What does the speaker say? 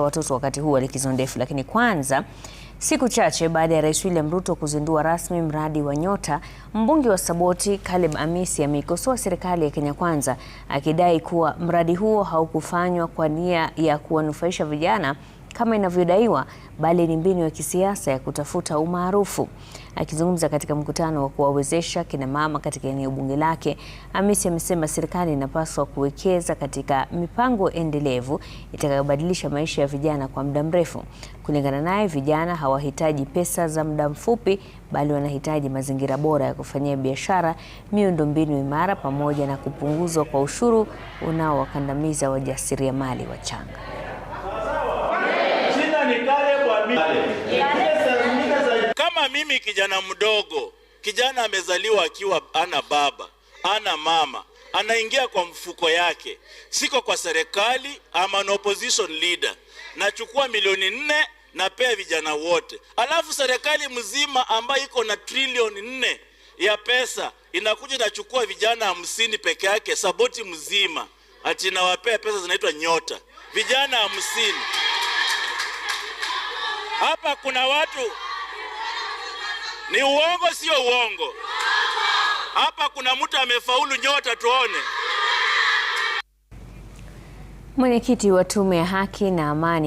watoto wakati huu wa likizo ndefu. Lakini kwanza, siku chache baada ya Rais William Ruto kuzindua rasmi mradi wa Nyota, mbunge wa Saboti Caleb Amisi ameikosoa serikali ya Kenya Kwanza akidai kuwa mradi huo haukufanywa kwa nia ya kuwanufaisha vijana kama inavyodaiwa, bali ni mbinu ya kisiasa ya kutafuta umaarufu. Akizungumza katika mkutano wa kuwawezesha kina mama katika eneo bunge lake, Hamisi amesema serikali inapaswa kuwekeza katika mipango endelevu itakayobadilisha maisha ya vijana kwa muda mrefu. Kulingana naye, vijana hawahitaji pesa za muda mfupi, bali wanahitaji mazingira bora ya kufanyia biashara, miundombinu imara, pamoja na kupunguzwa kwa ushuru unaowakandamiza wajasiriamali wachanga. kijana mdogo, kijana amezaliwa akiwa ana baba ana mama, anaingia kwa mfuko yake, siko kwa serikali ama an opposition leader. Nachukua milioni nne napea vijana wote, alafu serikali mzima ambayo iko na trilioni nne ya pesa inakuja inachukua vijana hamsini peke yake, saboti mzima, ati nawapea pesa zinaitwa nyota, vijana hamsini. Hapa kuna watu ni uongo, sio uongo? Hapa kuna mtu amefaulu nyota, tuone. Mwenyekiti wa Tume ya Haki na Amani